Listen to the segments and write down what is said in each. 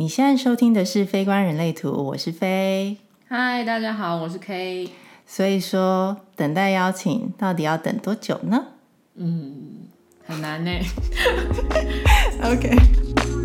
你現在收聽的是《Faye 觀人類圖》，我是 Faye。嗨，大家好，我是 K。所以說，等待邀請到底要等多久呢？嗯，很難呢。 OK。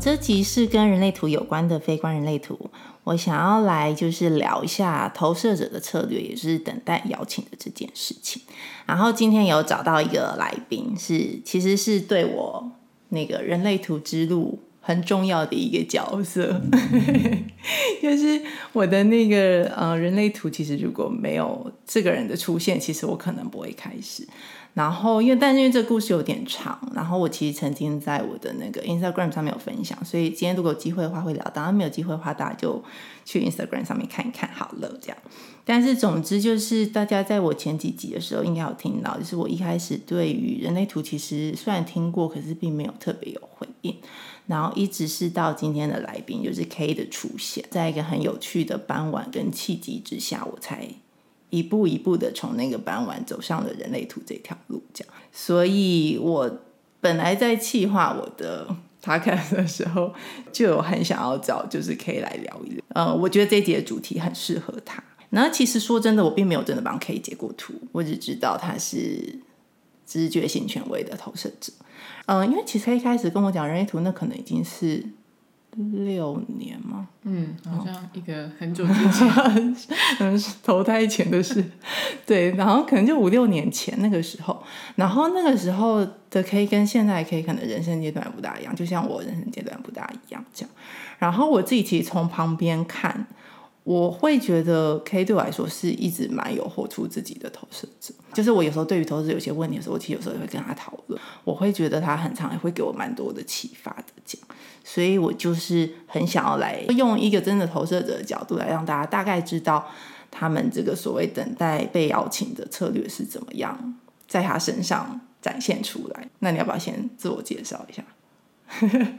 這集是跟人類圖有關的 Faye 觀人類圖，我想要來就是聊一下投射者的策略，也是等待邀請的這件事情。然後今天有找到一個來賓，是其實是對我那個人類圖之路很重要的一個角色， 就是我的那個呃人類圖，其實如果沒有這個人的出現，其實我可能不會開始。然後，因為但是因為這個故事有點長，然後我其實曾經在我的那個 Instagram 上面有分享，所以今天如果有機會的話會聊到，當然沒有機會的話大家就去 Instagram 上面看一看好了，這樣。但是總之就是大家在我前幾集的時候應該有聽到，就是我一開始對於人類圖其實雖然聽過，可是並沒有特別有回應，然後一直是到今天的來賓，就是 K 的出現，在一個很有趣的傍晚跟契機之下，我才。一步一步的從那個扳碗走上了人類圖這條路，這樣。所以我本來在企劃我的塔看的時候，就有很想要找，就是 K 來聊一聊。嗯，我覺得這節的主題很適合他。那其實說真的，我並沒有真的幫 K 解過圖，我只知道他是直覺型權威的投射者。嗯，因為其實他一開始跟我講人類圖，那可能已經是。六年嘛，嗯，好像一個很久之前，是 投胎前的事，對，然後可能就五六年前那個時候，然後那個時候的 K 跟現在 K 可能人生階段不大一樣，就像我人生階段不大一樣這樣。然後我自己其實從旁邊看，我會覺得 K 對我來說是一直蠻有活出自己的投射者，就是我有時候對於投射有些問題的時候，我其實有時候也會跟他討論，我會覺得他很常也會給我蠻多的啟發的講。所以我就是很想要來用一個真的投射者的角度來讓大家大概知道他們這個所謂等待被邀請的策略是怎麼樣，在他身上展現出來。那你要不要先自我介紹一下？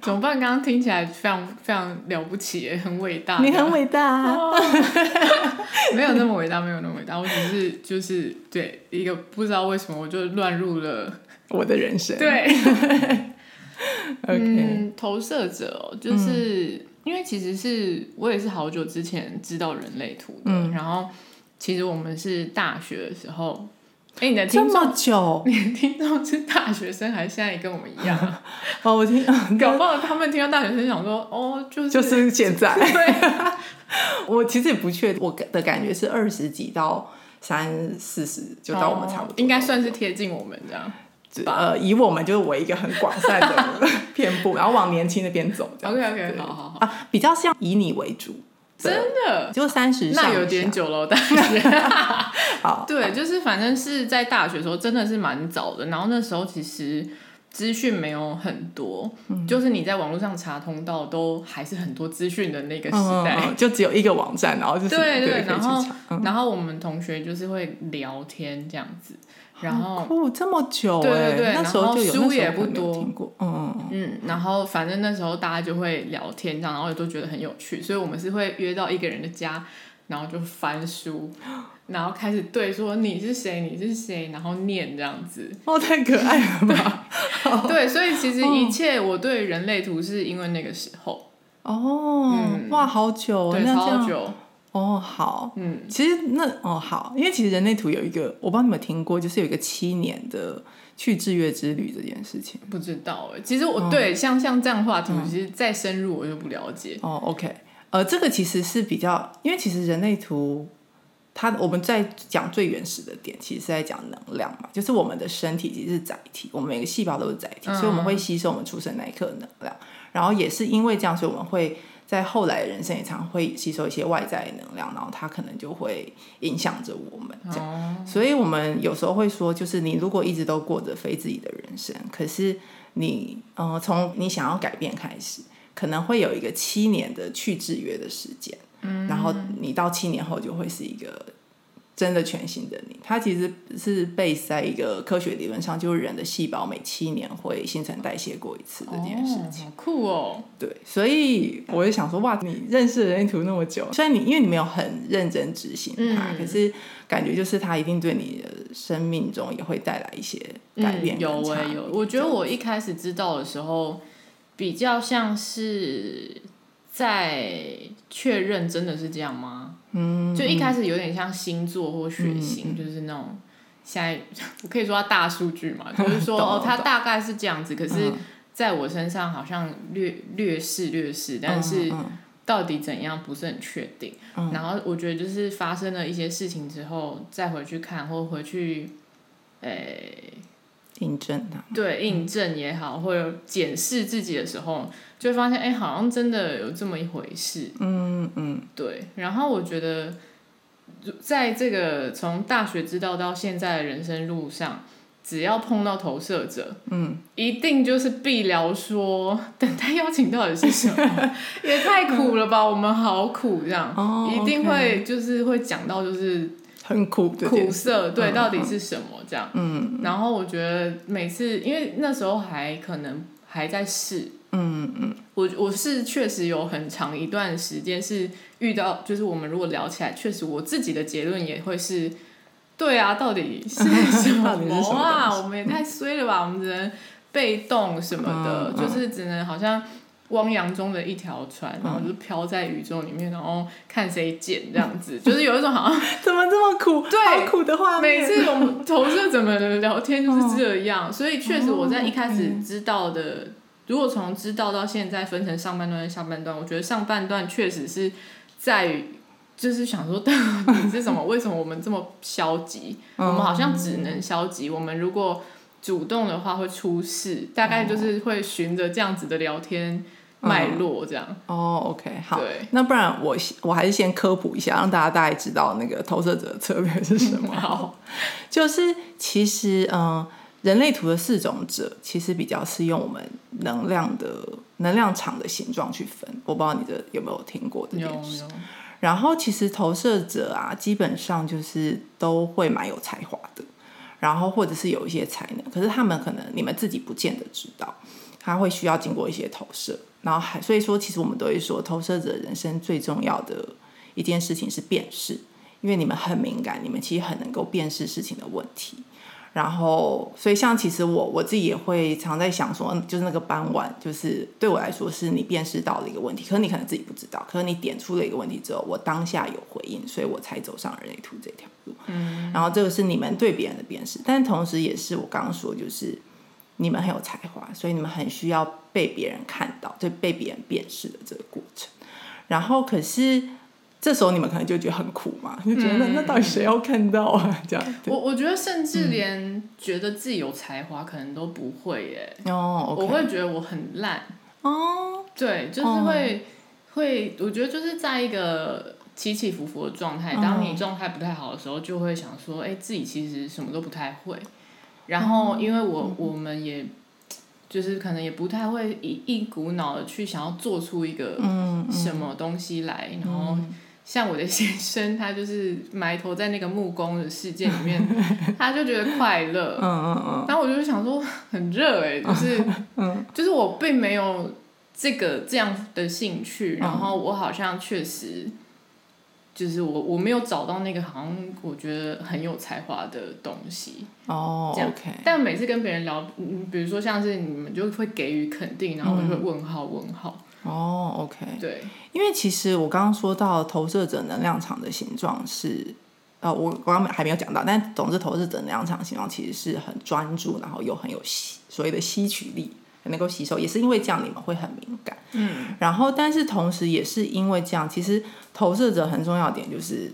怎麼 辦？剛剛聽起來非常非常了不起，很偉大，你很偉大，啊、哇 大，沒有那麼偉大，沒有那麼偉大，我只是就是對一個不知道為什麼我就亂入了我的人生。對。 Okay. 嗯，投射者，哦，就是、嗯、因為其實是我也是好久之前知道人類圖的，嗯、然後其實我們是大學的時候，哎、欸，你在聽這麼久，你的聽眾是大學生還是現在也跟我們一樣？ 哦，我聽到 搞不好他們聽到大學生想說，哦，就是就是現在， 對， 我其實也不確定，我的感覺是二十幾到三四十就到我們差不多，哦，應該算是貼近我們這樣。呃，以我們就是為一個很廣泛的片，布，然後往年輕那邊走。OK OK 好好好，比較像以你為主，真的就三十歲，那有點久了。但是對，就是反正是在大學的時候，真的是蠻早的。然後那時候其實資訊沒有很多，就是你在網絡上查通道都還是很多資訊的那個時代，就只有一個網站，然後就是對，然後然後我們同學就是會聊天這樣子。然後，哦、哭這麼久、欸，對對對，那時候書也不多，沒聽過，嗯嗯嗯，然後反正那時候大家就會聊天這樣，然後也都覺得很有趣，所以我們是會約到一個人的家，然後就翻書，然後開始對說，你是誰你是誰，然後念這樣子，哦，太可愛了吧？ 對，所以其實一切我對人類圖是因為那個時候，哦，嗯、哇，好久、哦，對，超好久。哦，好，嗯，其實那哦，好，因為其實人類圖有一個，我不知道你們聽過，就是有一個七年的去制約之旅這件事情，不知道哎、欸。其實我、嗯、對像像這樣話題，其實再深入我就不了解。嗯嗯、哦，OK，呃，這個其實是比較，因為其實人類圖它我們在講最原始的點，其實是在講能量嘛，就是我們的身體其實是載體，我們每個細胞都是載體，所以我們會吸收我們出生那一刻的能量，嗯、然後也是因為這樣，所以我們會。在後來人生也常會吸收一些外在能量，然後他可能就會影響着我們，這樣。Oh. 所以我們有時候會說，就是你如果一直都過着非自己的人生，可是你，呃，從你想要改變開始，可能會有一個七年的去制約的時間，mm. 然後你到七年後就會是一個。真的全新的你，它其實是 base 在一個科學理論上，就是人的細胞每七年會新陳代謝過一次這件事情，哦酷哦。對，所以我就想說，哇，你認識人類圖那麼久，雖然你因為你沒有很認真執行它，嗯、可是感覺就是它一定對你的生命中也會帶來一些改變、嗯。有啊、欸，有。我覺得我一開始知道的時候，比較像是。在確認真的是這樣嗎？嗯，就一開始有點像星座或血型，嗯、就是那種，現在我可以說它大數據嘛，嗯、就是說懂哦，他大概是這樣子，可是在我身上好像略略是、嗯、略是，但是到底怎樣不是很確定。嗯嗯、然後我覺得就是發生了一些事情之後，再回去看或回去，哎、欸印證的，對，印證也好，嗯、或者檢視自己的時候，就會發現，哎、欸，好像真的有這麼一回事。嗯嗯，嗯對。然後我覺得，在這個從大學知道到現在的人生路上，只要碰到投射者，嗯，一定就是必聊說，等待邀請到底是什麼？ 也太苦了吧，嗯、我們好苦，這樣、哦、一定會 okay 就是會講到就是。很苦，苦澀，對，嗯、到底是什麼、嗯、這樣？嗯、然後我覺得每次，因為那時候還可能還在試，嗯嗯，嗯，我我是確實有很長一段時間是遇到，就是我們如果聊起來，確實我自己的結論也會是，對啊，到底是什麼啊？嗯、我們也太衰了吧，嗯、我們只能被動什麼的，嗯嗯、就是只能好像。汪洋中的一條船，然後就飄在宇宙裡面，然後看誰撿這樣子，就是有一種好像 怎麼這麼苦，對好苦的畫面。每次我們投射者怎麼聊天就是這樣，oh. 所以確實我在一開始知道的，oh, okay. 如果從知道到現在分成上半段跟下半段，我覺得上半段確實是在於就是想說到底是什麼？Oh. 為什麼我們這麼消極？Oh. 我們好像只能消極。Oh. 我們如果主動的話會出事，大概就是會循着這樣子的聊天，脈絡這樣、嗯、哦，OK，好。對那不然我我還是先科普一下，讓大家大概知道那個投射者的策略是什麼？ 好，就是其實嗯，人類圖的四種者其實比較是用我們能量的能量場的形狀去分。我不知道你的有沒有聽過這件事。有有。然後其實投射者啊，基本上就是都會蠻有才華的，然後或者是有一些才能，可是他們可能你們自己不見得知道，他會需要經過一些投射。然後還，所以說，其實我們都會說，投射者人生最重要的一件事情是辨識，因為你們很敏感，你們其實很能夠辨識事情的問題。然後，所以像其實我我自己也會常在想說，就是那個傍晚，就是對我來說是你辨識到的一個問題，可是你可能自己不知道，可是你點出了一個問題之後，我當下有回應，所以我才走上人類圖這條路。嗯，然後這個是你們對別人的辨識，但同時也是我剛剛說就是。你們很有才華，所以你們很需要被別人看到，就被別人辨識的這個過程。然後，可是這時候你們可能就覺得很苦嘛，就覺得那、嗯、那到底誰要看到啊？這樣。我我覺得，甚至連、嗯、覺得自己有才華，可能都不會耶。哦，oh, okay. 我會覺得我很爛。哦，oh, 對，就是會、oh. 會，我覺得就是在一個起起伏伏的狀態。當你狀態不太好的時候，就會想說，哎，自己其實什麼都不太會。然後，因為我、嗯、我們也，就是可能也不太會一一股腦的去想要做出一個什麼東西來。嗯嗯、然後，像我的先生，他就是埋頭在那個木工的世界裡面，嗯、他就覺得快樂。嗯嗯嗯。然後我就想說，很熱哎、欸，就是，嗯、就是我並沒有這個這樣的興趣。然後我好像確實。就是我我沒有找到那個好像我覺得很有才華的東西哦，OK。但每次跟別人聊，比如說像是你們就會給予肯定，然後我就會問號問號哦、嗯 Oh，OK。對，因為其實我剛剛說到投射者能量場的形狀是，啊、呃，我剛剛還沒有講到，但總之投射者能量場的形狀其實是很專注，然後又很有吸所謂的吸取力。能夠吸收，也是因為這樣，你們會很敏感。嗯，然後但是同時也是因為這樣，其實投射者很重要的點就是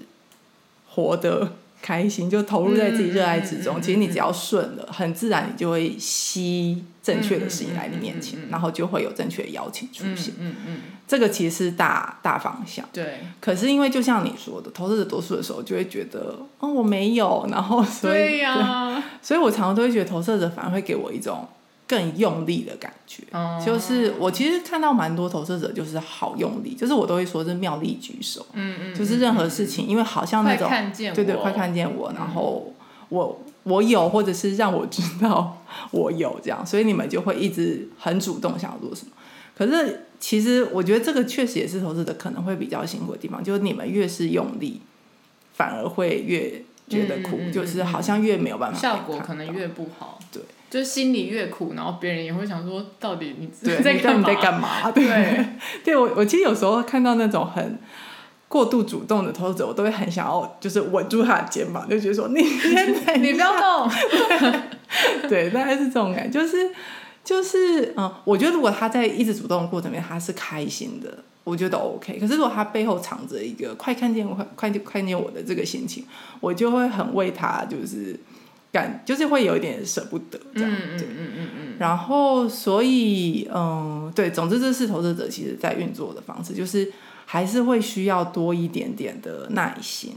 活得開心，就投入在自己熱愛之中。嗯嗯、其實你只要順了，很自然你就會吸正確的事情來你面前，嗯、然後就會有正確的邀請出現。嗯嗯，嗯嗯這個其實是大大方向。對。可是因為就像你說的，投射者多數的時候就會覺得，哦，我沒有，然後所以，對啊、對所以，我常常都會覺得投射者反而會給我一種。更用力的感覺，就是我其實看到蠻多投射者就是好用力，就是我都會說是妙力舉手，嗯嗯嗯，就是任何事情，因為好像那種對對對，快看見我，然後我我有或者是讓我知道我有這樣，所以你們就會一直很主動想要做什麼。可是其實我覺得這個確實也是投射者可能會比較辛苦的地方，就是你們越是用力，反而會越。覺得苦，嗯嗯嗯、就是好像越沒有辦法，效果可能越不好。對，就是心裡越苦，然後別人也會想說，到底你自己對在幹嘛？在幹嘛？對，對，對我，我其實有時候看到那種很過度主動的投射者，我都會很想要，就是穩住他的肩膀，就覺得說，你你不要動。 對，大概是這種感覺，就是。就是，嗯，我覺得如果他在一直主動的過程裡面，他是開心的，我覺得 OK。可是如果他背後藏着一個快看見我、快快看見我的這個心情，我就會很為他就是感，就是會有一點捨不得這樣子、嗯。嗯嗯嗯。嗯然後，所以，嗯，對，總之這是投射者其實在運作的方式，就是還是會需要多一點點的耐心。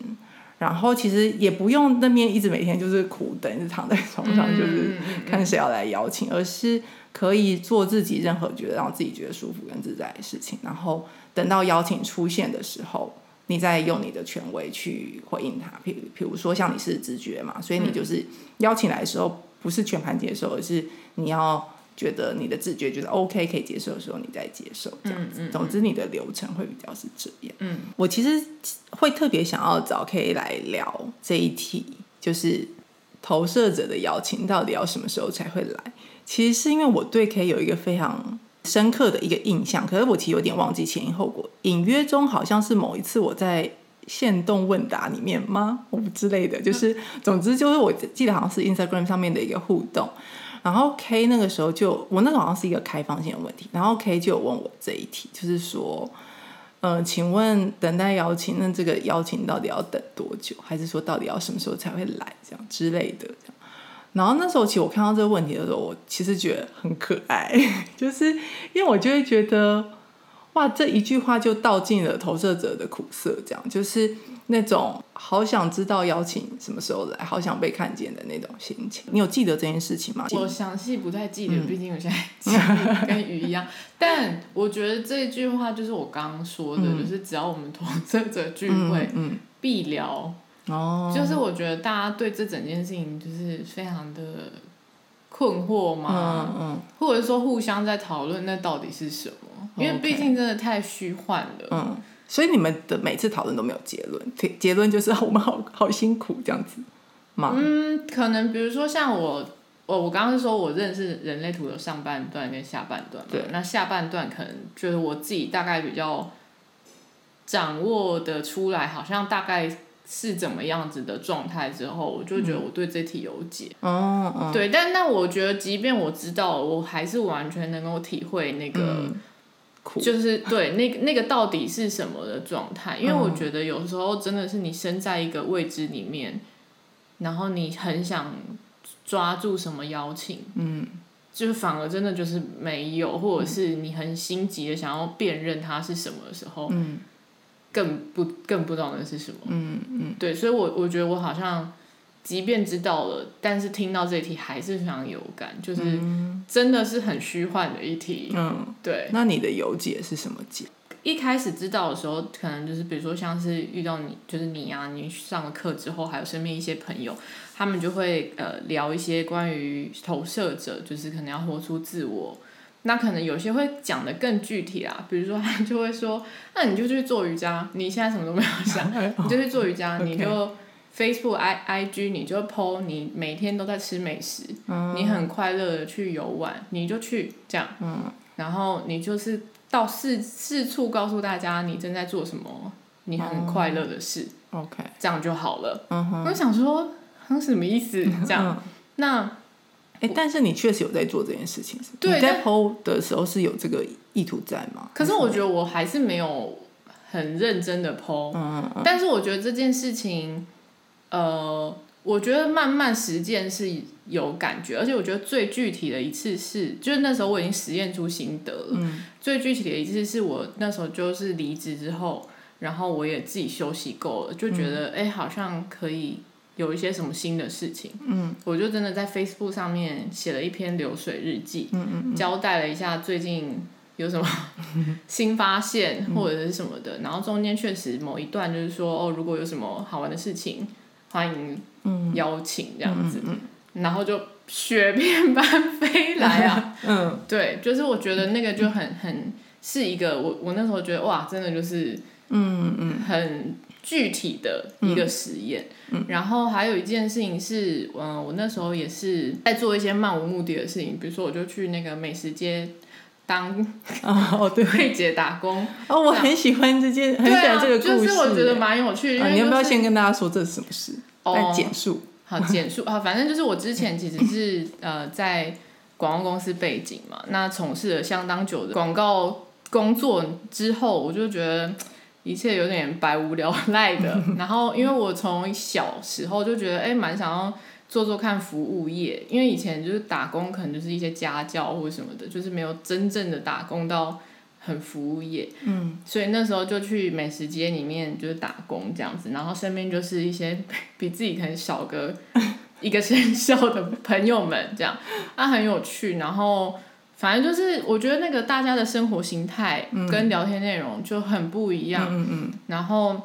然後其實也不用那邊一直每天就是苦等，就躺在床上就是看誰要來邀請，嗯，而是可以做自己任何覺得讓自己覺得舒服跟自在的事情。然後等到邀請出現的時候，你再用你的權威去回應他。譬譬如說像你是直覺嘛，所以你就是邀請來的時候不是全盤接受，而是你要。覺得你的直覺覺得 OK 可以接受的時候，你再接受這樣子。總之，你的流程會比較是這樣。嗯，嗯嗯，我其實會特別想要找 K 來聊這一題，就是投射者的邀請到底要什麼時候才會來？其實是因為我對 K 有一個非常深刻的一個印象，可是我其實有點忘記前因後果。隱約中好像是某一次我在限動問答裡面嗎？我、哦、不之類的，就是總之就是我記得好像是 Instagram 上面的一個互動。然後 K 那個時候就，我那個好像是一個開放性的問題，然後 K 就有問我這一題，就是說，嗯、呃，請問等待邀請，那這個邀請到底要等多久，還是說到底要什麼時候才會來，這樣之類的，這樣。然後那時候其實我看到這個問題的時候，我其實覺得很可愛，就是因為我就會覺得。哇，這一句話就道盡了投射者的苦澀，這樣就是那種好想知道邀請什麼時候來，好想被看見的那種心情。你有記得這件事情嗎？我詳細不太記得，畢、嗯、竟我現在記憶跟魚一樣。 但我覺得這一句話就是我剛剛說的，嗯、就是只要我們投射者聚會，嗯、嗯，必聊哦，就是我覺得大家對這整件事情就是非常的困惑嘛，嗯嗯，或者說互相在討論那到底是什麼。因為畢竟真的太虛幻了，okay, 嗯，所以你們的每次討論都沒有結論，結論就是我們好好辛苦這樣子，嗯，可能比如說像我，我我剛剛說，我認識人類圖的上半段跟下半段，對，那下半段可能就是我自己大概比較掌握的出來，好像大概是怎麼樣子的狀態之後，我就覺得我對這題有解，對，但那我覺得，即便我知道，我還是完全能夠體會那個。嗯 Cool. 就是對那個那個到底是什麼的狀態，因為我覺得有時候真的是你身在一個位置裡面，然後你很想抓住什麼邀請，嗯，就是反而真的就是沒有，或者是你很心急的想要辨認它是什麼的時候，嗯更，更不更不懂得是什麼，嗯嗯，嗯對，所以我我覺得我好像。即便知道了，但是聽到這一題還是非常有感，就是真的是很虛幻的一題。嗯，對。那你的有解是什麼解？一開始知道的時候，可能就是比如說像是遇到你，就是你啊，你上了課之後，還有身邊一些朋友，他們就會呃聊一些關於投射者，就是可能要活出自我。那可能有些會講得更具體啊，比如說他就會說，那，啊，你就去做瑜伽，你現在什麼都沒有想，okay, 你就去做瑜伽，okay. 你就。Facebook I I G，你就 PO，你每天都在吃美食，你很快樂的去遊玩，你就去這樣，然後你就是到四四處告訴大家你正在做什麼，你很快樂的事，OK，這樣就好了。我想說，嗯，什麼意思？這樣？那哎，但是你確實有在做這件事情，對，你在 PO 的時候是有這個意圖在嗎？可是我覺得我還是沒有很認真的 PO，但是我覺得這件事情。呃，我覺得慢慢實踐是有感覺，而且我覺得最具體的一次是，就是那時候我已經實驗出心得了。嗯、最具體的一次是我那時候就是離職之後，然後我也自己休息夠了，就覺得哎、嗯欸，好像可以有一些什麼新的事情。嗯，我就真的在 Facebook 上面寫了一篇流水日記，嗯嗯嗯交代了一下最近有什麼 新發現或者是什麼的。嗯、然後中間確實某一段就是說，哦，如果有什麼好玩的事情，歡迎邀請這樣子，嗯嗯嗯嗯、然後就雪片般飛來啊！嗯，對，就是我覺得那個就很很是一個我我那時候覺得哇，真的就是嗯嗯，很具體的一個實驗。嗯嗯嗯、然後還有一件事情是，嗯，我那時候也是在做一些漫無目的的事情，比如說我就去那個美食街。當啊哦對，姐打工啊、哦，我很喜歡這件，那啊、很喜歡這個故事。就是我覺得蠻有趣。啊就是、你要不要先跟大家說這是什麼事？哦，簡述。好，簡述。 好，反正就是我之前其實是呃在廣告公司背景嘛，那從事了相當久的廣告工作之後，我就覺得一切有點百無聊賴的。 然後因為我從小時候就覺得哎，蠻、欸、想要。做做看服務業，因為以前就是打工，可能就是一些家教或者什麼的，就是沒有真正的打工到很服務業。嗯，所以那時候就去美食街裡面就是打工這樣子，然後身邊就是一些比自己可能小個一個生肖的朋友們這樣，啊很有趣。然後反正就是我覺得那個大家的生活形態跟聊天內容就很不一樣。嗯，嗯嗯，然後。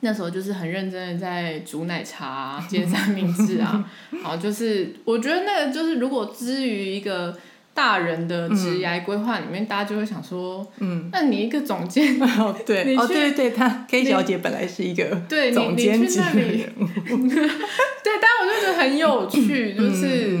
那時候就是很認真的在煮奶茶、啊、煎三明治啊，然後、 啊、就是我覺得那個就是如果之於一個大人的職涯規劃裡面，嗯、大家就會想說，嗯，那你一個總監、嗯去哦，對，哦對對，他 K 小姐本來是一個總監級，對，但 我就覺得很有趣，嗯、就是。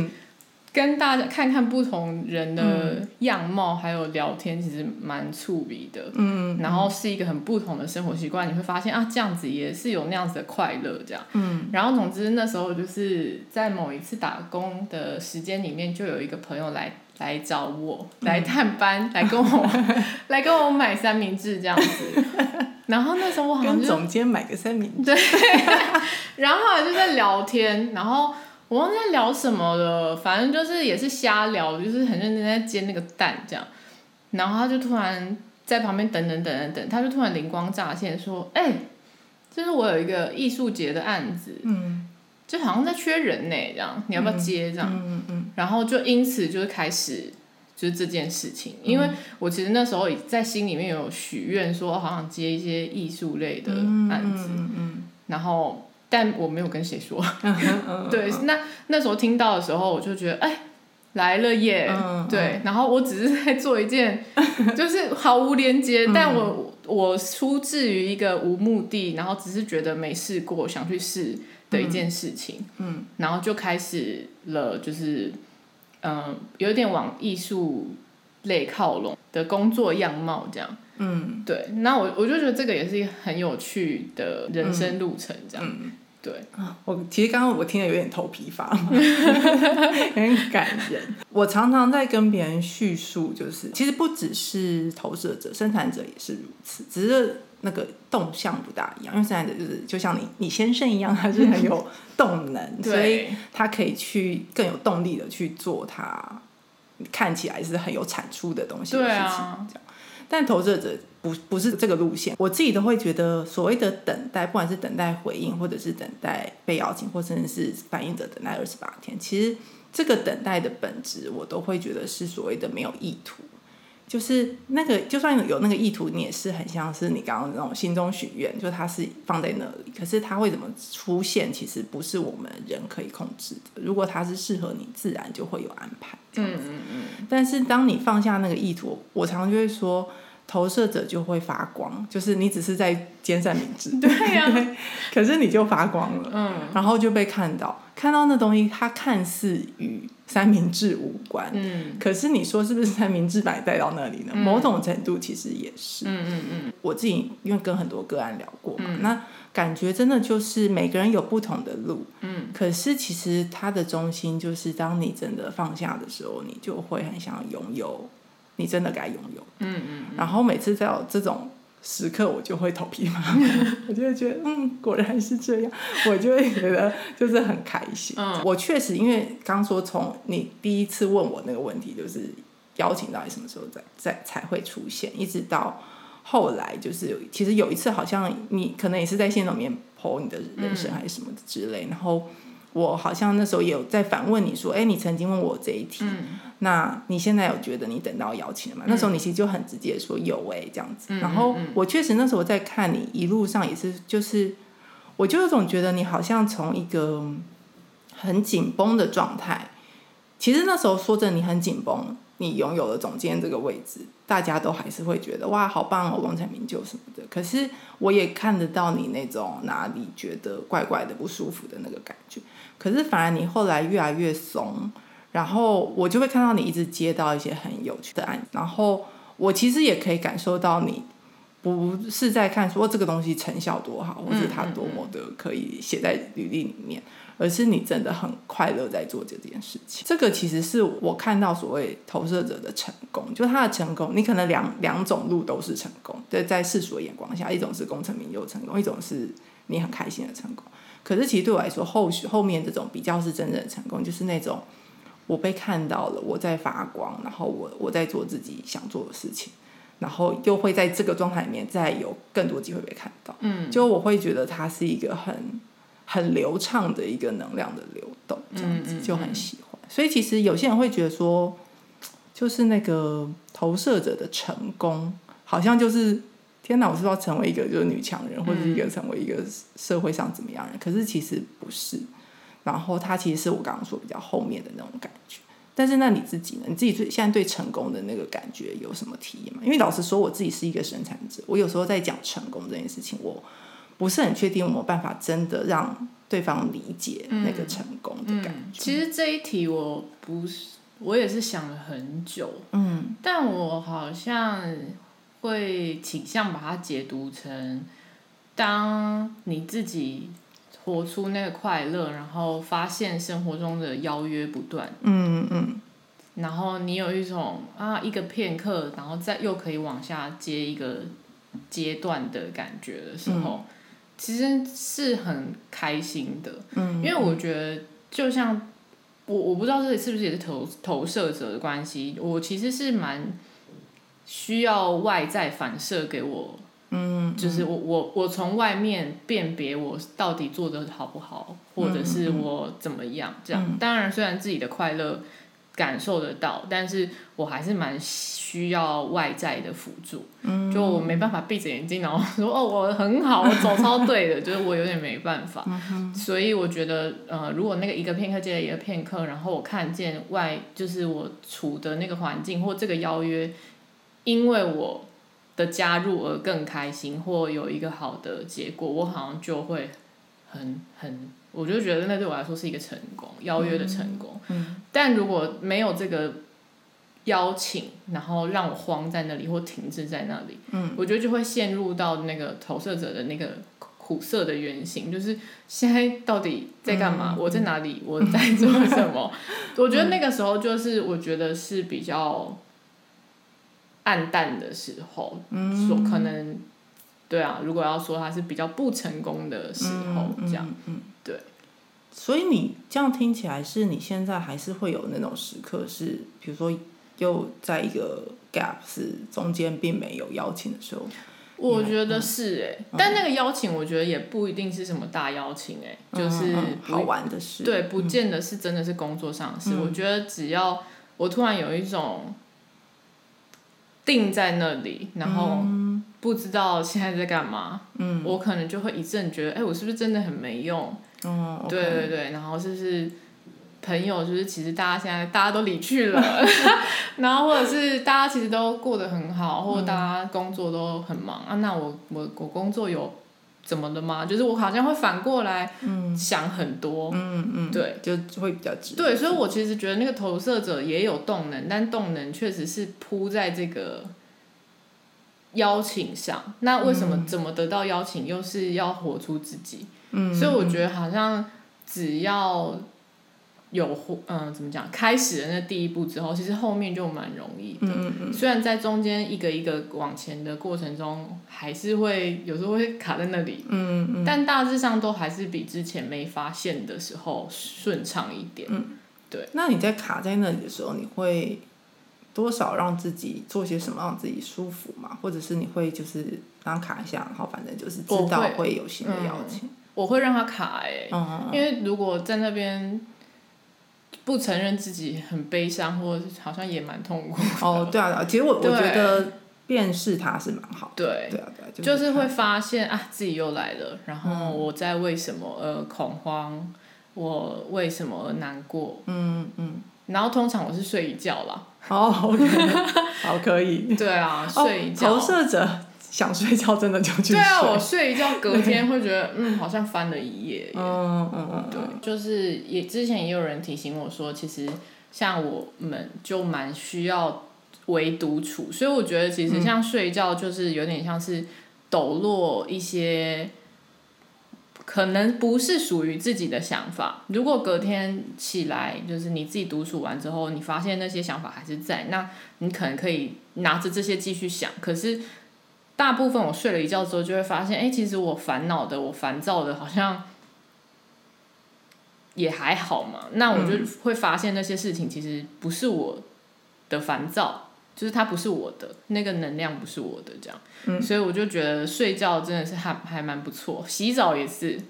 跟大家看看不同人的樣貌，還有聊天，其實蠻觸理的。嗯，然後是一個很不同的生活習慣，你會發現啊，這樣子也是有那樣子的快樂這樣。嗯，然後總之那時候我就是在某一次打工的時間裡面，就有一個朋友來來找我來探班，嗯、來跟我 來跟我買三明治這樣子。然後那時候我好像跟總監買個三明治。對。然後就在聊天，然後。我忘記在聊什麼了，反正就是也是瞎聊，就是很認真在煎那個蛋這樣，然後他就突然在旁邊等等等等等，他就突然靈光乍現說：“哎、欸，就是我有一個藝術節的案子，就好像在缺人呢、欸、這樣，你要不要接這樣？然後就因此就是開始就是這件事情，因為我其實那時候在心裡面有許願說，好想接一些藝術類的案子，然後。”但我沒有跟誰說、uh，huh. uh huh. 對。那那時候聽到的時候，我就覺得，哎、欸，來了耶！Uh huh. 對。然後我只是在做一件，uh huh. 就是毫無連接。嗯、但我我出自於一個無目的，然後只是覺得沒試過想去試的一件事情。嗯、然後就開始了，就是嗯、呃，有點往藝術類靠攏的工作樣貌這樣。嗯，對。那我我就覺得這個也是一個很有趣的人生路程這樣。嗯嗯對啊，我其實剛剛我聽了有點頭皮發麻，有點 感人。 我常常在跟別人敘述，就是其實不只是投射者、生產者也是如此，只是那個動向不大一樣。因為生產者就是就像你你先生一樣，他是很有動能， 所以他可以去更有動力的去做他看起來是很有產出的東西的事情。這樣。但投射者不不是這個路線，我自己都會覺得，所謂的等待，不管是等待回應，或者是等待被邀請，或甚至是反應者等待二十八天，其實這個等待的本質，我都會覺得是所謂的沒有意圖。就是那個，就算有那個意圖，你也是很像是你剛剛那種心中許願，就它是放在那裡，可是它會怎麼出現，其實不是我們人可以控制的。如果它是適合你，自然就會有安排。嗯嗯嗯。但是當你放下那個意圖，我常常就會說，投射者就會發光，就是你只是在堅守明智， 對呀、啊， 可是你就發光了，嗯，然後就被看到，看到那東西，它看似與。三明治無關，嗯、可是你說是不是三明治把你帶到那裡呢？某種程度其實也是，嗯嗯，我自己因為跟很多個案聊過嘛，嗯、那感覺真的就是每個人有不同的路，嗯。可是其實它的中心就是，當你真的放下的時候，你就會很想要擁有你真的該擁有嗯，嗯嗯。然後每次在有這種。時刻我就會頭皮發麻， 我就會覺得，嗯，果然是這樣，我就會覺得就是很開心。嗯、我確實因為剛說從你第一次問我那個問題，就是邀請到底什麼時候在在才會出現，一直到後來就是其實有一次好像你可能也是在鏡頭裡面剖你的人生還是什麼之類，嗯、然後。我好像那時候也有在反問你說：“哎、欸，你曾經問我這一題，嗯、那你現在有覺得你等到邀請了嗎？”嗯、那時候你其實就很直接說：“有哎、欸，這樣子。嗯嗯嗯”然後我確實那時候在看你一路上也是，就是我就總覺得你好像從一個很緊繃的狀態。其實那時候說着你很緊繃，你擁有了總監這個位置，大家都還是會覺得哇，好棒哦，功成名就什麼的。可是我也看得到你那種哪裡覺得怪怪的、不舒服的那個感覺。可是反而你後來越來越鬆，然後我就會看到你一直接到一些很有趣的案子，然後我其實也可以感受到你不是在看說這個東西成效多好，嗯嗯嗯，或者它多麼的可以寫在履歷裡面，嗯嗯，而是你真的很快樂在做這件事情。這個其實是我看到所謂投射者的成功，就他的成功，你可能兩兩種路都是成功。對，在世俗的眼光下，一種是功成名就成功，一種是你很開心的成功。可是其實對我來說，後續後面這種比較是真正的成功，就是那種我被看到了，我在發光，然後我我在做自己想做的事情，然後又會在這個狀態裡面再有更多機會被看到。嗯，就我會覺得它是一個很很流暢的一個能量的流動，這樣子就很喜歡。嗯嗯嗯。所以其實有些人會覺得說，就是那個投射者的成功，好像就是。天哪，我是要成為一個就是女強人，或者一個成為一個社會上怎麼樣的人？嗯，可是其實不是。然後他其實是我剛剛說比較後面的那種感覺。但是那你自己呢？你自己對現在對成功的那個感覺有什麼體驗嗎？因為老實說，我自己是一個生產者。我有時候在講成功這件事情，我不是很確定有，我沒有辦法真的讓對方理解那個成功的感覺。嗯，嗯，其實這一題我不是，我也是想了很久。嗯，但我好像。會傾向把它解讀成，當你自己活出那個快樂，然後發現生活中的邀約不斷，嗯嗯，嗯，然後你有一種啊，一個片刻，然後再又可以往下接一個階段的感覺的時候，嗯，其實是很開心的，嗯，因為我覺得就像我我不知道這裡是不是也是投投射者的關係，我其實是蠻。需要外在反射給我，嗯，就是我、嗯、我我從外面辨別我到底做得好不好，嗯、或者是我怎麼樣這樣。嗯、當然，雖然自己的快樂感受得到，嗯、但是我還是蠻需要外在的輔助。嗯、就我沒辦法閉着眼睛，然後說、嗯、哦，我很好，我走超對的， 就是我有點沒辦法。嗯、哼所以我覺得，呃，如果那個一個片刻接着一個片刻，然後我看見外，就是我處的那個環境或這個邀約。因為我的加入而更開心，或有一個好的結果，我好像就會很很，我就覺得那對我來說是一個成功邀約的成功。嗯嗯，但如果沒有這個邀請，然後讓我慌在那裡或停滯在那裡，嗯，我覺得就會陷入到那個投射者的那個苦澀的原型，就是現在到底在幹嘛？嗯，我在哪裡？嗯，我在做什麼？ 我覺得那個時候就是，我覺得是比較。暗淡的時候，嗯，說可能，對啊，如果要說它是比較不成功的時候，嗯、這樣，嗯，嗯對。所以你這樣聽起來，是你現在還是會有那種時刻是，是比如說又在一個 gaps 中間並沒有邀請的時候，我覺得是誒、欸，嗯、但那個邀請，我覺得也不一定是什麼大邀請誒、欸，嗯、就是、嗯嗯、好玩的事，對，不見得是真的是工作上是，嗯、我覺得只要我突然有一種。定在那裡，然後不知道現在在幹嘛。嗯，我可能就會一陣覺得，哎、欸，我是不是真的很沒用？哦，對對對，然後就是，是朋友，就是其實大家現在大家都離去了， 然後或者是大家其實都過得很好，或者大家工作都很忙，嗯、啊。那我我我工作有。怎麼的嗎？就是我好像會反過來想很多，嗯嗯，對，嗯嗯，就會比較急。對，所以我其實覺得那個投射者也有動能，但動能確實是鋪在這個邀請上。那為什麼怎麼得到邀請，嗯、又是要活出自己？嗯，所以我覺得好像只要。有嗯，怎麼講？開始的那第一步之後，其實後面就蠻容易的。嗯嗯，雖然在中間一個一個往前的過程中，還是會有時候會卡在那裡。嗯嗯，但大致上都還是比之前沒發現的時候順暢一點。嗯、對。那你在卡在那裡的時候，你會多少讓自己做些什麼讓自己舒服嘛？或者是你會就是讓他卡一下，然後反正就是知道會有新的邀請、嗯。我會讓它卡哎、欸，嗯嗯，因為如果在那邊。不承認自己很悲傷，或好像也蠻痛苦。哦，oh, 對啊，其實我對我覺得辨識它是蠻好的。對，對、啊，對啊，對、就是，就是會發現啊，自己又來了，然後我在為什麼而恐慌，我為什麼而難過？嗯嗯，嗯然後通常我是睡一覺了。哦、oh, okay. 好可以。對啊，睡一覺。投射、oh, 者。想睡覺真的就去睡對。對啊，我睡一覺，隔天會覺得，對嗯，好像翻了一頁。嗯嗯嗯。對，oh、就是也之前也有人提醒我說，其實像我們就蠻需要微獨處，所以我覺得其實像睡覺就是有點像是抖落一些可能不是屬於自己的想法。如果隔天起來就是你自己獨處完之後，你發現那些想法還是在，那你可能可以拿着這些繼續想，可是。大部分我睡了一覺之後，就會發現，哎、欸，其實我煩惱的、我煩躁的，好像也還好嘛。那我就會發現那些事情其實不是我的煩躁，嗯、就是它不是我的，那個能量不是我的這樣。嗯、所以我就覺得睡覺真的是還還蠻不錯，洗澡也是。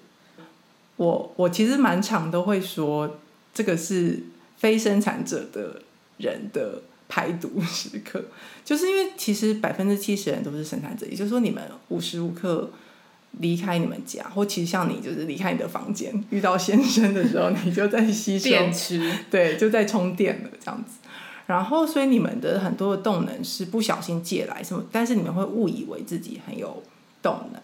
我我其實蠻常都會說，這個是非生產者的人的排毒時刻，就是因為其實百分之七十人都是生產者，也就是說你們無時無刻離開你們家，或其實像你就是離開你的房間，遇到先生的時候，你就在吸收 吃對，就在充電了這樣子。然後，所以你們的很多的動能是不小心借來什麼，但是你們會誤以為自己很有動能。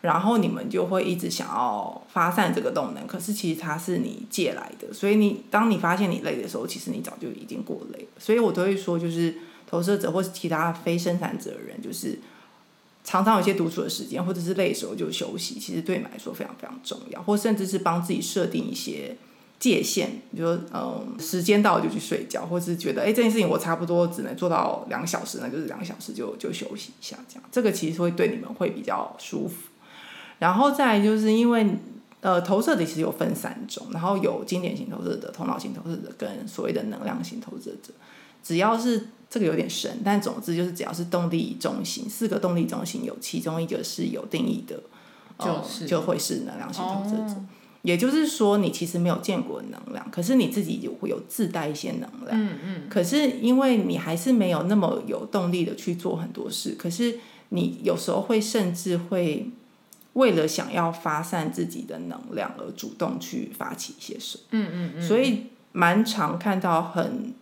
然後你們就會一直想要發散這個動能，可是其實它是你借來的，所以你當你發現你累的時候，其實你早就已經過累了。所以我都會說，就是投射者或是其他非生產者的人，就是常常有些獨處的時間，或者是累的時候就休息，其實對你們來說非常非常重要，或甚至是幫自己設定一些界限，比如說嗯，時間到了就去睡覺，或是覺得哎這件事情我差不多只能做到兩小時，那就是兩個小時就就休息一下這樣，這個其實會對你們會比較舒服。然後再就是因為，呃，投射的，其實有分三種，然後有經典型投射者、頭腦型投射者跟所謂的能量型投射者。只要是這個有點深，但總之就是只要是動力中心，四個動力中心有其中一個是有定義的，呃、就是就會是能量型投射者。哦、也就是說，你其實沒有見過能量，可是你自己有會有自帶一些能量。嗯嗯、可是因為你還是沒有那麼有動力的去做很多事，可是你有時候會甚至會，為了想要發散自己的能量而主動去發起一些事，嗯嗯嗯，所以蠻常看到很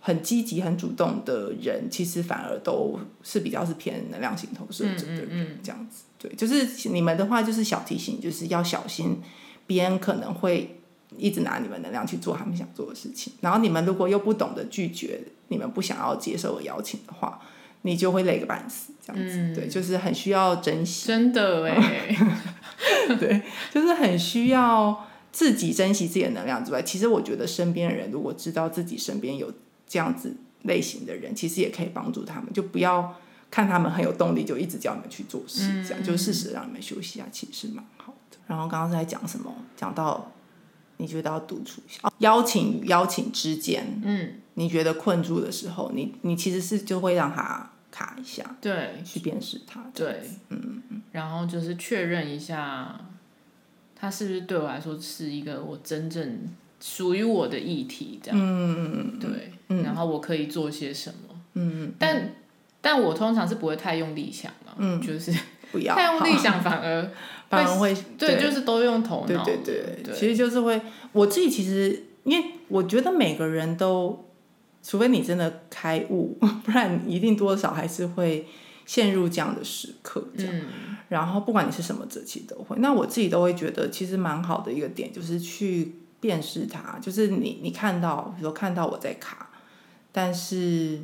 很積極、很主動的人，其實反而都是比較是偏能量型投射者，這樣子，嗯嗯嗯對，就是你們的話，就是小提醒，就是要小心別人可能會一直拿你們能量去做他們想做的事情，然後你們如果又不懂得拒絕你們不想要接受的邀請的話。你就會累個半死，這樣子，嗯，對，就是很需要珍惜，真的哎，後 對，就是很需要自己珍惜自己的能量之外，其實我覺得身邊的人如果知道自己身邊有這樣子類型的人，其實也可以幫助他們，就不要看他們很有動力，就一直叫你們去做事，嗯，這樣就適時讓你們休息啊，其實蠻好的。嗯，然後剛剛在講什麼？講到你覺得要獨處一下，哦，邀請與邀請之間，嗯，你覺得困住的時候，你你其實是就會讓他。卡一下，對，去辨識它，對，嗯，然後就是確認一下，它是不是對我來說是一個我真正屬於我的議題，這樣，嗯嗯嗯，對，然後我可以做些什麼，嗯，但但我通常是不會太用力想了。嗯，就是不要太用力想，反而反而會，對，就是都用頭腦，對對對，其實就是會，我自己其實因為我覺得每個人都。除非你真的開悟，不然一定多少還是會陷入這樣的時刻。這樣嗯，然後不管你是什麼週期都會。那我自己都會覺得，其實蠻好的一個點就是去辨識它，就是你你看到，比如說看到我在卡，但是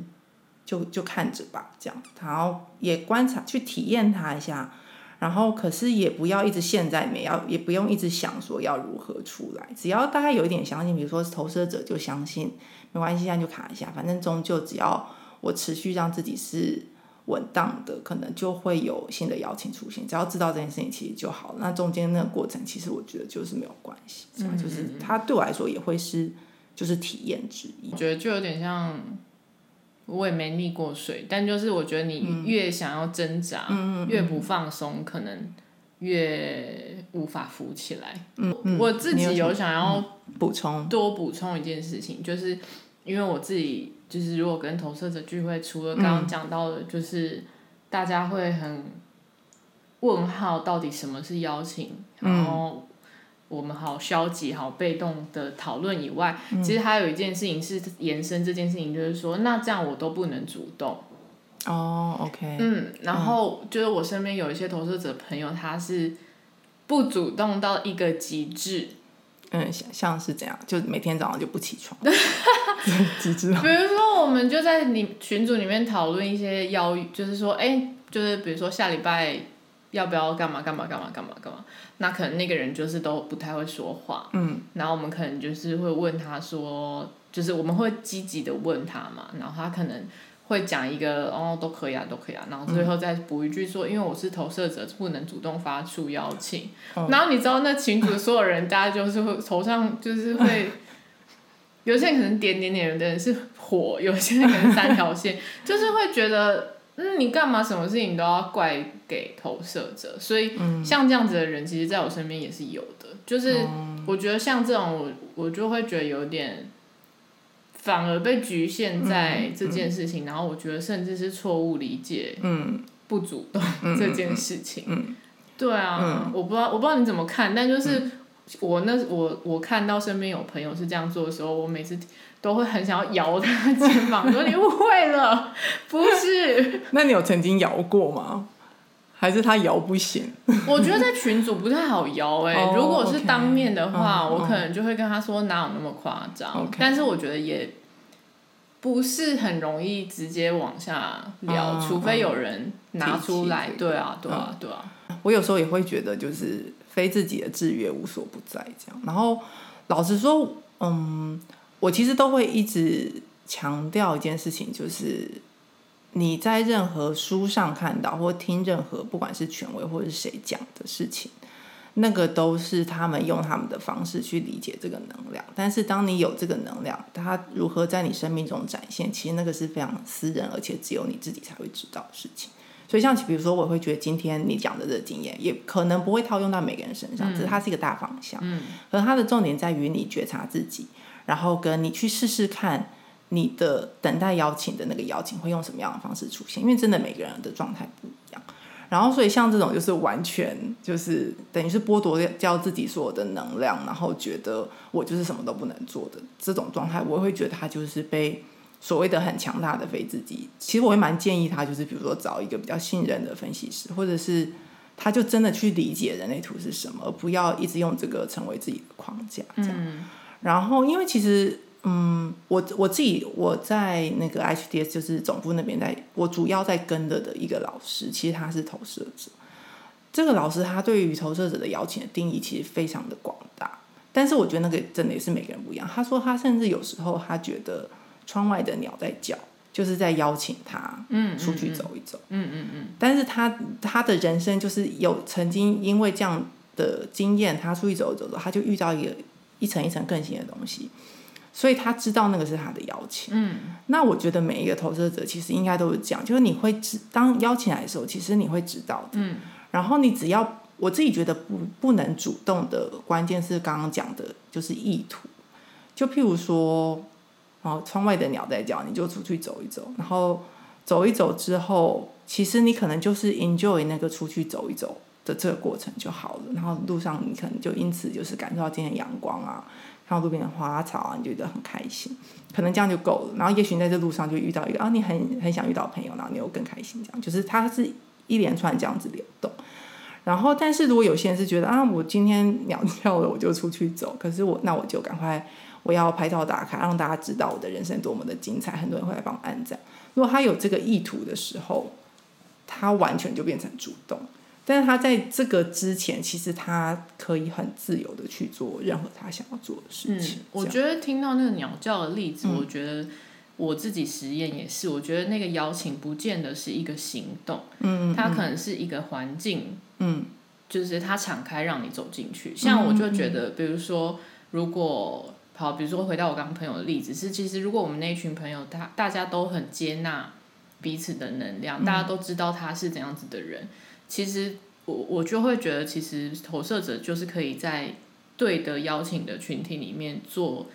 就就看着吧，這樣。然後也觀察去體驗它一下，然後可是也不要一直陷在裡面，要也不用一直想說要如何出來。只要大家有一點相信，比如說投射者就相信。沒關係，現在就卡一下，反正終究只要我持續讓自己是穩當的，可能就會有新的邀請出現。只要知道這件事情其實就好了，那中間那個過程其實我覺得就是沒有關係，嗯嗯，這樣，就是它對我來說也會是就是體驗之一。我覺得就有點像，我也沒溺過水，但就是我覺得你越想要掙扎，嗯嗯嗯嗯嗯，越不放鬆，可能。越無法扶起來。嗯，我自己有想要補充，多補充一件事情，就是因為我自己就是如果跟投射者聚會，除了剛剛講到的，就是大家會很問號，到底什麼是邀請，然後我們好消極、好被動的討論以外，嗯，其實還有一件事情是延伸這件事情，就是說，那這樣我都不能主動。哦、oh，OK。嗯，然後就是我身邊有一些投射者朋友，他是不主動到一個極致，嗯，像像是這樣，就每天早上就不起床，極致。比如說，我們就在你群組裡面討論一些邀，就是說，哎、欸，就是比如說下禮拜要不要幹嘛幹嘛幹嘛幹嘛幹嘛，那可能那個人就是都不太會說話，嗯，然後我們可能就是會問他說，就是我們會積極的問他嘛，然後他可能。會講一個哦，都可以啊，都可以啊，然後最後再補一句說，嗯、因為我是投射者，不能主動發出邀請。哦、然後你知道那群主的所有人， 大家就是會頭上就是會，有些人可能點點點，有的人是火，有些人可能三條線， 就是會覺得，嗯，你幹嘛什麼事情都要怪給投射者？所以、嗯、像這樣子的人，其實在我身邊也是有的。就是、嗯、我覺得像這種，我我就會覺得有點。反而被侷限在這件事情，嗯嗯、然後我覺得甚至是錯誤理解，嗯、不主動這件事情。嗯嗯嗯、對啊，嗯、我不知道我不知道你怎麼看，但就是我那我我看到身邊有朋友是這樣做的時候，我每次都會很想要搖他肩膀， 說你誤會了，不是？ 那你有曾經搖過嗎？還是他搖不行， 我覺得在群組不太好搖哎、欸。Oh, 如果是當面的話，okay. uh, uh. 我可能就會跟他說哪有那麼誇張。Okay. 但是我覺得也不是很容易直接往下聊，uh, uh. 除非有人拿出來。其其這個、對啊，對啊，uh. 對啊。我有時候也會覺得，就是非自己的制約無所不在這樣。然後老實說，嗯，我其實都會一直強調一件事情，就是。你在任何書上看到或聽任何，不管是權威或者是誰講的事情，那個都是他們用他們的方式去理解這個能量。但是，當你有這個能量，它如何在你生命中展現，其實那個是非常私人，而且只有你自己才會知道的事情。所以，像比如說，我會覺得今天你講的這經驗，也可能不會套用到每個人身上，只是它是一個大方向。嗯，可它的重點在於你覺察自己，然後跟你去試試看。你的等待邀請的那個邀請會用什麼樣的方式出現？因為真的每個人的狀態不一樣，然後所以像這種就是完全就是等於是剝奪掉自己所有的能量，然後覺得我就是什麼都不能做的這種狀態，我會覺得他就是被所謂的很強大的非自己。其實我會蠻建議他，就是比如說找一個比較信任的分析師，或者是他就真的去理解人類圖是什麼，不要一直用這個成為自己的框架這樣。樣、嗯、然後因為其實。嗯，我我自己我在那個 HDS 就是總部那邊在、在我主要在跟着的一個老師，其實他是投射者。這個老師他對於投射者的邀請的定義其實非常的廣大，但是我覺得那個真的也是每個人不一樣。他說他甚至有時候他覺得窗外的鳥在叫，就是在邀請他出去走一走，嗯嗯嗯。嗯嗯嗯嗯，但是他他的人生就是有曾經因為這樣的經驗，他出去走一走走，他就遇到一個一層一層更新的東西。所以他知道那個是他的邀請。嗯，那我覺得每一個投射者其實應該都是這樣，就是你會知當邀請來的時候，其實你會知道的。嗯，然後你只要我自己覺得不不能主動的，關鍵是剛剛講的就是意圖。就譬如說，哦，窗外的鳥在叫，你就出去走一走。然後走一走之後，其實你可能就是 enjoy 那個出去走一走的這個過程就好了。然後路上你可能就因此就是感受到今天的陽光啊。然後路邊的花草啊，你覺得很開心，可能這樣就夠了。然後也許你在這路上就遇到一個啊，你很很想遇到朋友，然後你又更開心，這樣就是它，是一連串這樣子流動。然後，但是如果有些人是覺得啊，我今天鳥叫了，我就出去走，可是我那我就趕快我要拍照打卡，讓大家知道我的人生多麼的精彩。很多人會來幫我按讚。如果他有這個意圖的時候，他完全就變成主動。但是他在這個之前，其實他可以很自由的去做任何他想要做的事情。嗯、這樣。我覺得聽到那個鳥叫的例子，嗯、我覺得我自己實驗也是。我覺得那個邀請不見得是一個行動，嗯，嗯，嗯，他可能是一個環境，嗯，就是他敞開讓你走進去。像我就覺得，嗯嗯嗯比如說，如果好，比如說回到我剛剛朋友的例子，是其實如果我們那群朋友，他大家都很接納彼此的能量，嗯、大家都知道他是怎樣子的人。其實我我就會覺得，其實投射者就是可以在對的邀請的群體裡面做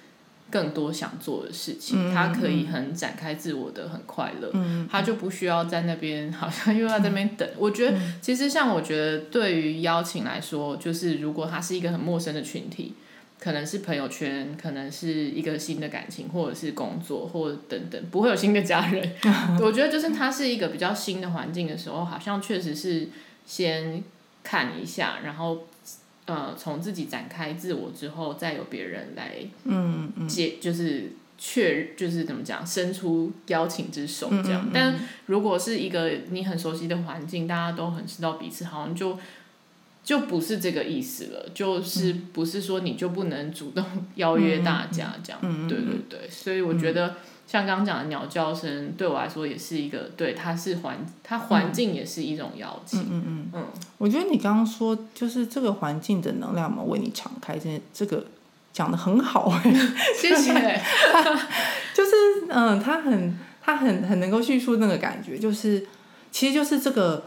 更多想做的事情，嗯、他可以很展開自我的，很快樂，嗯、他就不需要在那邊好像又要在那邊等。嗯、我覺得、嗯、其實像我覺得對於邀請來說，就是如果他是一個很陌生的群體，可能是朋友圈，可能是一個新的感情，或者是工作，或者等等，不會有新的家人。嗯、我覺得就是他是一個比較新的環境的時候，好像確實是。先看一下，然後，呃，從自己展開自我之後，再由別人來接嗯，嗯，接就是確就是怎麼講，伸出邀請之手這樣。嗯嗯嗯、但如果是一個你很熟悉的環境，大家都很知道彼此，好像就就不是這個意思了，就是不是說你就不能主動邀約大家這樣。嗯嗯嗯嗯、對對對，所以我覺得。嗯像剛剛講的鳥叫聲，對我來說也是一個對，它是環，它環境也是一種邀請。嗯嗯嗯、嗯嗯嗯我覺得你剛剛說就是這個環境的能量嘛，為你敞開，這這個講得很好，謝謝。 就是嗯，他很他很他很，很能夠敘述那個感覺，就是其實就是這個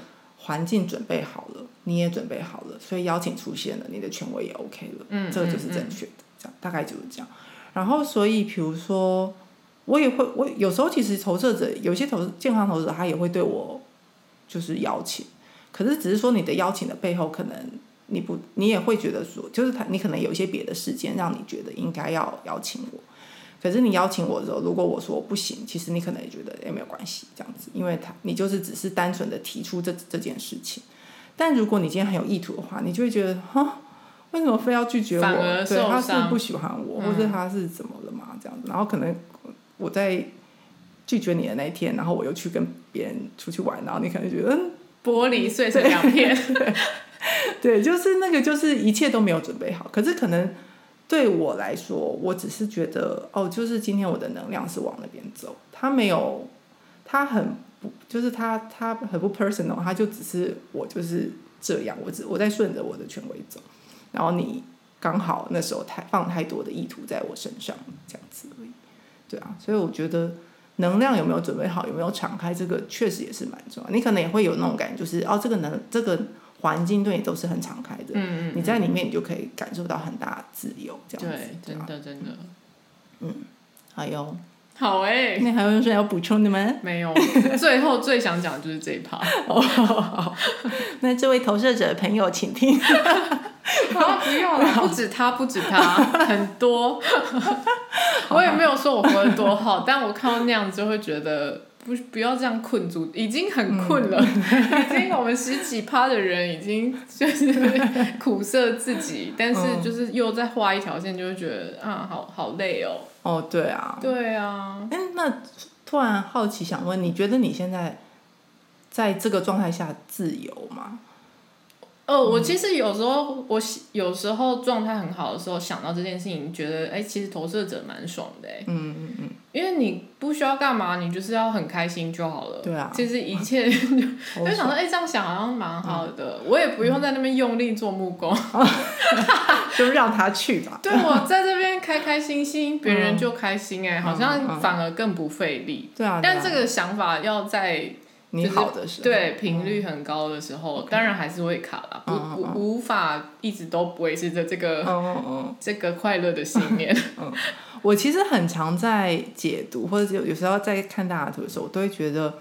環境準備好了，你也準備好了，所以邀請出現了，你的權威也 OK 了。嗯、這個就是正確的，嗯嗯、這樣大概就是這樣。然後，所以比如說。我也會，我有時候其實投射者，有些投健康投射者，他也會對我就是邀請，可是只是說你的邀請的背後，可能你不你也會覺得說，就是他你可能有一些別的事件讓你覺得應該要邀請我，可是你邀請我的時候，如果我說不行，其實你可能也覺得也，欸，沒有關係這樣子，因為他你就是只是單純的提出這這件事情，但如果你今天很有意圖的話，你就會覺得哈，為什麼非要拒絕我？對，他是不喜歡我，嗯，或者他是怎麼了嘛？這樣子，然後可能。我在拒絕你的那一天，然後我又去跟別人出去玩，然後你可能覺得，嗯，玻璃碎成兩片，對, 對，就是那個，就是一切都沒有準備好。可是可能對我來說，我只是覺得哦，就是今天我的能量是往那邊走，他沒有，他很不，就是他他很不 personal，他就只是我就是這樣，我只我在順着我的權威走，然後你剛好那時候太放太多的意圖在我身上，這樣子而已。對啊，所以我覺得能量有沒有準備好，有沒有敞開，這個確實也是蠻重要。你可能也會有那種感覺，就是哦，這個能，這個環境對你都是很敞開的，嗯嗯嗯，你在裡面你就可以感受到很大的自由，這樣子，對，這樣真的真的，嗯，還有。好哎、欸，那還有人說要補充你們沒有，最後最想講的就是這一趴。Oh, 好那這位投射者的朋友，請聽。不用 了，好不止他，不止他， 很多。 我也沒有說我活得多好，好好，但我看到那樣子，就會覺得不不要這樣睏住，已經很睏了。嗯、 已經我們十幾趴的人，已經就是苦澀自己，但是就是又再畫一條線，就會覺得啊、嗯，好好累哦。哦，oh, 對啊，對啊，哎，那突然好奇想問，嗯、你覺得你現在在這個狀態下自由嗎？哦、呃，我其實有時候我有時候狀態很好的時候，想到這件事情，覺得哎，其實投射者蠻爽的，哎、嗯，嗯嗯嗯，因為你不需要幹嘛，你就是要很開心就好了，對啊，其實一切就、啊、就想到哎，這樣想好像蠻好的，啊、我也不用在那邊用力做木工，啊、 就讓他去吧，對我在這邊。 開開心心，別人就開心，哎、欸，嗯、好像反而更不費力。對啊、嗯，嗯、但這個想法要在、就是、你好的時候，對，頻率很高的時候，嗯、當然還是會卡啦、嗯，無法一直都不維持著這個、嗯嗯、這個快樂的信念嗯嗯。嗯，我其實很常在解讀或者有有時候在看大家圖的時候，我都會覺得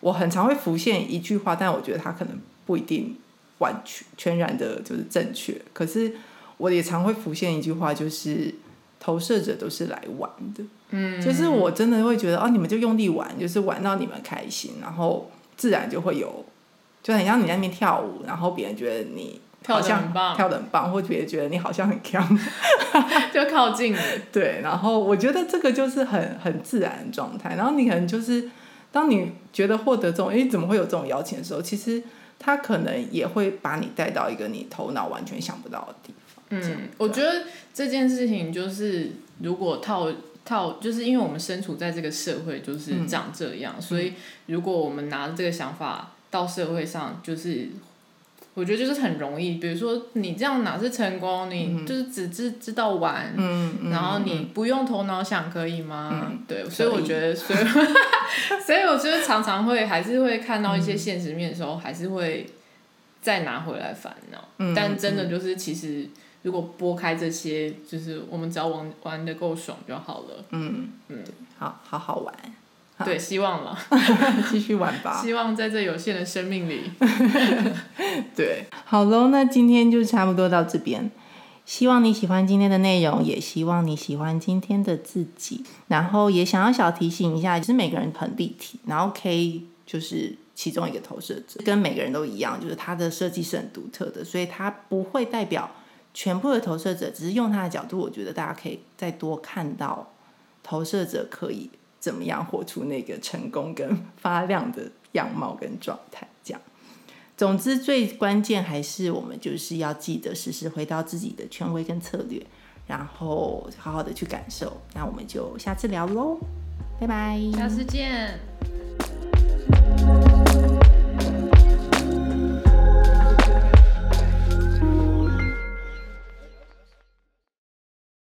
我很常會浮現一句話，但我覺得它可能不一定完全全然的就是正確。可是我也常會浮現一句話，就是。投射者都是來玩的，嗯，就是我真的會覺得哦、啊，你們就用力玩，就是玩到你們開心，然後自然就會有，就很像你在那邊跳舞，然後別人覺得你跳的很棒，跳的很棒，或別人覺得你好像很強， 就靠近了，對，然後我覺得這個就是很很自然的狀態。然後你可能就是當你覺得獲得這種，為、欸、怎麼會有這種邀請的時候，其實他可能也會把你帶到一個你頭腦完全想不到的地方。嗯，對我覺得這件事情就是，如果套、嗯、套，就是因為我們身處在這個社會，就是長這樣，嗯、所以如果我們拿這個想法到社會上，就是我覺得就是很容易。比如說你這樣哪是成功？你就是只知知道玩，嗯、然後你不用頭腦想可以嗎？嗯、對，可以。所以我覺得，所以 所以我覺得常常會還是會看到一些現實面的時候，還是會再拿回來煩惱。嗯、但真的就是其實。如果撥開這些，就是我們只要玩玩得夠爽就好了。嗯嗯，嗯好好好玩，對，好希望了， 繼續玩吧。希望在這有限的生命裡， 對，好嘍，那今天就差不多到這邊。希望你喜歡今天的內容，也希望你喜歡今天的自己。然後也想要小提醒一下，就是每個人很立體，然後 K 就是其中一個投射者，跟每個人都一樣，就是他的設計是很獨特的，所以他不會代表。全部的投射者，只是用他的角度。我覺得大家可以再多看到投射者可以怎麼樣活出那個成功跟發亮的樣貌跟狀態。這樣，總之最關鍵還是我們就是要記得時時回到自己的權威跟策略，然後好好的去感受。那我們就下次聊嘍，拜拜，下次見。